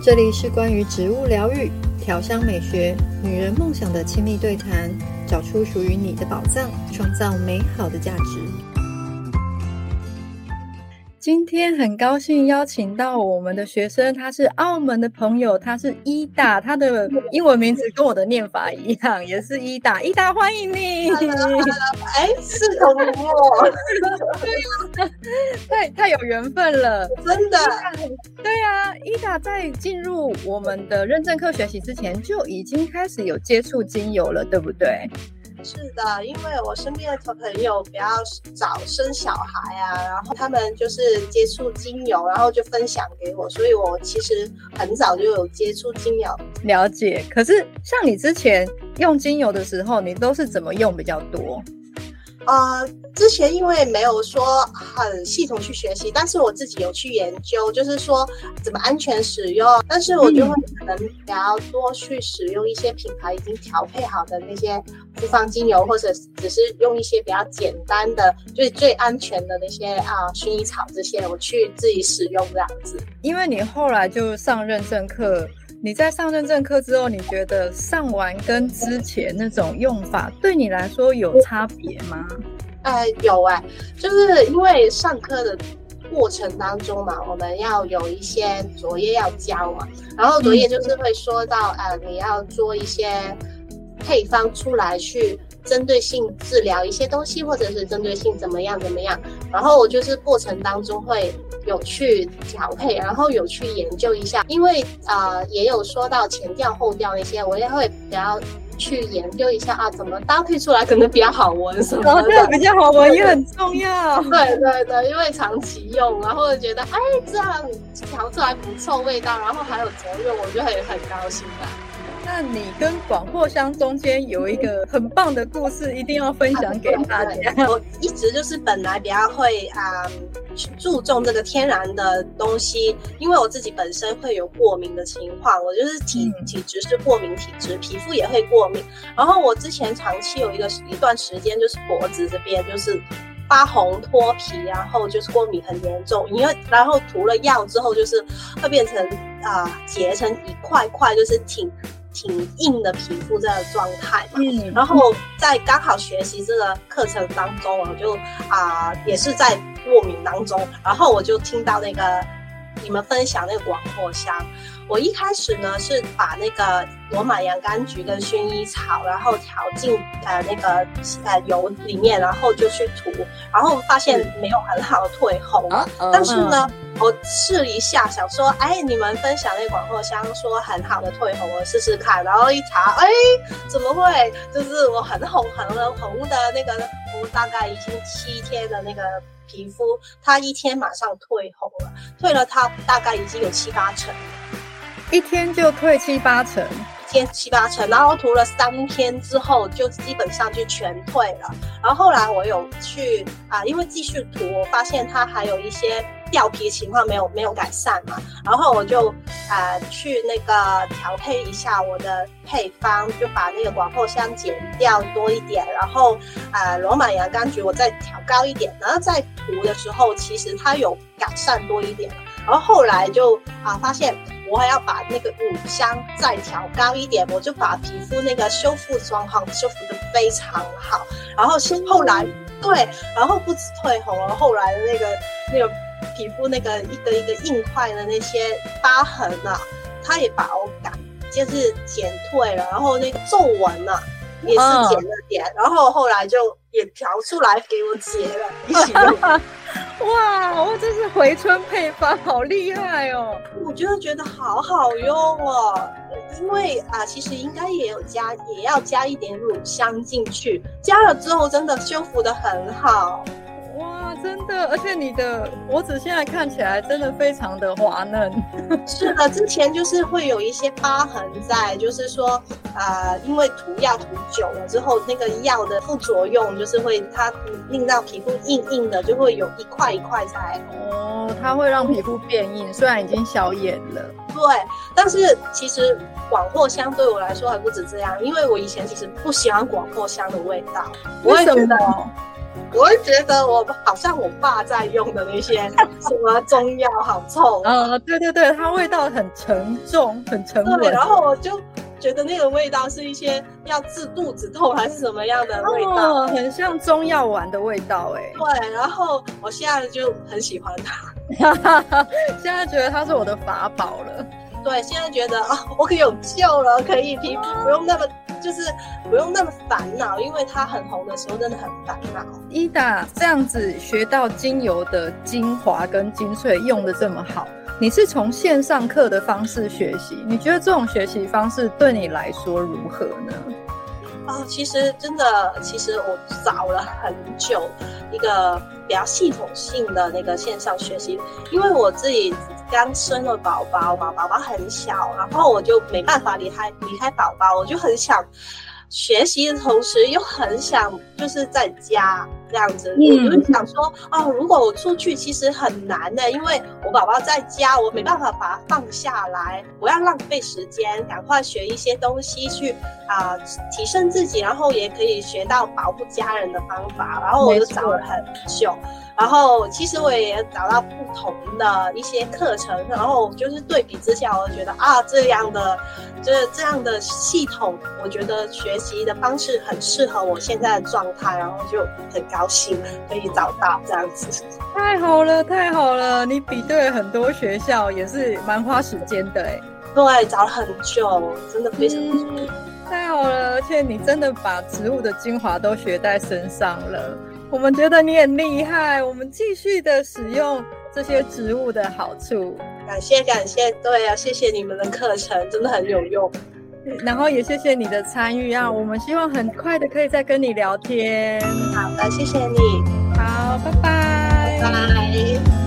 這裡是關於植物療癒、調香美學、女人夢想的親密對談，找出屬於你的寶藏，創造美好的價值。今天很高興邀請到我們的學生，他是澳門的朋友，他是伊達，他的英文名字跟我的念法一樣，也是伊達。伊達歡迎你，哎、欸，是同太 太有緣分了，真的，真的對啊。伊達在進入我們的認證課學習之前就已經開始有接觸精油了，對不對？是的，因為我身邊的朋友比較早生小孩啊，然後他們就是接觸精油，然後就分享給我，所以我其實很早就有接觸精油。了解，可是像你之前用精油的時候，你都是怎麼用比較多？呃，之前因為沒有說很系統去學習，但是我自己有去研究，就是說怎麼安全使用。但是我覺得可能也要多去使用一些品牌已經調配好的那些複方精油，或者只是用一些比較簡單的、最最安全的那些啊，呃、薰衣草這些，我去自己使用這樣子。因為你後來就上認證課。你在上認證課之後，你覺得上完跟之前那種用法對你來說有差別嗎？呃，有哎、欸，就是因為上課的過程當中嘛，我們要有一些作業要交嘛，然後作業就是會說到，嗯、呃，你要做一些配方出來去針對性治療一些東西，或者是針對性怎麼樣怎麼樣，然後就是過程當中會。有去調配，然後有去研究一下，因為啊、呃、也有說到前調後調那些，我也會比較去研究一下啊，怎麼搭配出來可能比較好聞什麼的。然、哦哦、比較好聞也很重要。對對對，因為長期用，然後覺得哎這樣調出來不錯味道，然後還有作用，我覺得很很高興的。那你跟廣藿香中間有一個很棒的故事，嗯、一定要分享給大家、嗯。我一直就是本來比較會啊。嗯注重這個天然的東西，因為我自己本身會有過敏的情況，我就是體體質是過敏體質，皮膚也會過敏。然後我之前長期有一個一段時間，就是脖子這邊就是發紅脫皮，然後就是過敏很嚴重，因為然後塗了藥之後，就是會變成啊、呃、結成一塊塊，就是挺挺硬的皮膚這樣的狀態嘛。然後在剛好學習這個課程當中、啊，我就啊、呃、也是在。過敏當中，然後我就聽到那個你們分享那個廣藿香，我一開始呢是把那個羅馬洋甘菊跟薰衣草，然後調進呃那個呃油裡面，然後就去塗，然後發現沒有很好的退紅。嗯、但是呢，我試了一下，想說，哎，你們分享那個廣藿香說很好的退紅，我試試看。然後一查，哎，怎麼會？就是我很紅很紅紅的那個。大概已經七天的那個皮膚，它一天馬上退紅了，退了它大概已經有七八成，一天就退七八成，一天七八成，然後塗了三天之後就基本上就全退了。然後後來我有去啊，因為繼續塗，我發現它還有一些。掉皮情況沒有沒有改善嘛、啊，然後我就呃去那個調配一下我的配方，就把那個廣藿香減掉多一點，然後呃羅馬洋甘菊我再調高一點，然後再塗的時候其實它有改善多一點，然後後來就啊、呃、發現我還要把那個乳香再調高一點，我就把皮膚那個修復狀況修復的非常好，然後是後來、嗯、對，然後不止退紅了，後，後來的那個那個。那個皮膚那個一個一個硬塊的那些疤痕吶、啊，它也把我改，就是減退了。然後那個皺紋呢、啊、也是減了點。Uh. 然後後來就也調出來給我結了。 哇，我真是回春配方，好厲害哦！我覺得覺得好好用哦，因為啊，其實應該也有加，也要加一點乳香進去。加了之後，真的修復得很好。真的，而且你的脖子現在看起來真的非常的滑嫩。 是的、啊，之前就是會有一些疤痕在，就是說，啊、呃，因為塗藥塗久了之後，那個藥的副作用就是會它令到皮膚硬硬的，就會有一塊一塊在。哦，它會讓皮膚變硬，嗯、雖然已經消炎了。對，但是其實廣藿香對我來說還不止這樣，因為我以前其實不喜歡廣藿香的味道。為什麼？ 我會覺得我好像我爸在用的那些什麼中藥，好臭啊、 哦！對對對，它味道很沉重，很沉重。對，然後我就覺得那個味道是一些要治肚子痛還是什麼樣的味道，哦，很像中藥丸的味道哎、欸。對，然後我現在就很喜歡它， 現在覺得它是我的法寶了。對，現在覺得啊、哦，我可以有救了，可以皮膚不用那麼。就是不用那麼煩惱，因為它很紅的時候真的很煩惱。伊達這樣子學到精油的精華跟精髓，用的這麼好，你是從線上課的方式學習，你覺得這種學習方式對你來說如何呢？哦，其實真的，其實我找了很久一個比較系統性的那個線上學習，因為我自己。剛生了寶寶嘛，寶寶很小，然後我就沒辦法離開離開寶寶，我就很想學習的同時又很想就是在家這樣子，嗯、我就想說哦，如果我出去其實很難的，因為我寶寶在家，我沒辦法把它放下來，嗯、不要浪費時間，趕快學一些東西去啊、呃、提升自己，然後也可以學到保護家人的方法，然後我就找了很久。然後其實我也找到不同的一些課程，然後就是對比之下，我就覺得啊這樣的，就是這樣的系統，我覺得學習的方式很適合我現在的狀態，然後就很高興可以找到這樣子。太好了，太好了！你比對很多學校，也是蠻花時間的哎、欸。對，找了很久，真的非常不容易。嗯，太好了，而且你真的把植物的精華都學在身上了。我們覺得你很厲害，我們繼續的使用這些植物的好處。感謝感謝，對啊，謝謝你們的課程，真的很有用。然後也謝謝你的參與啊，對我們希望很快的可以再跟你聊天。好的，謝謝你，好，拜拜，拜拜。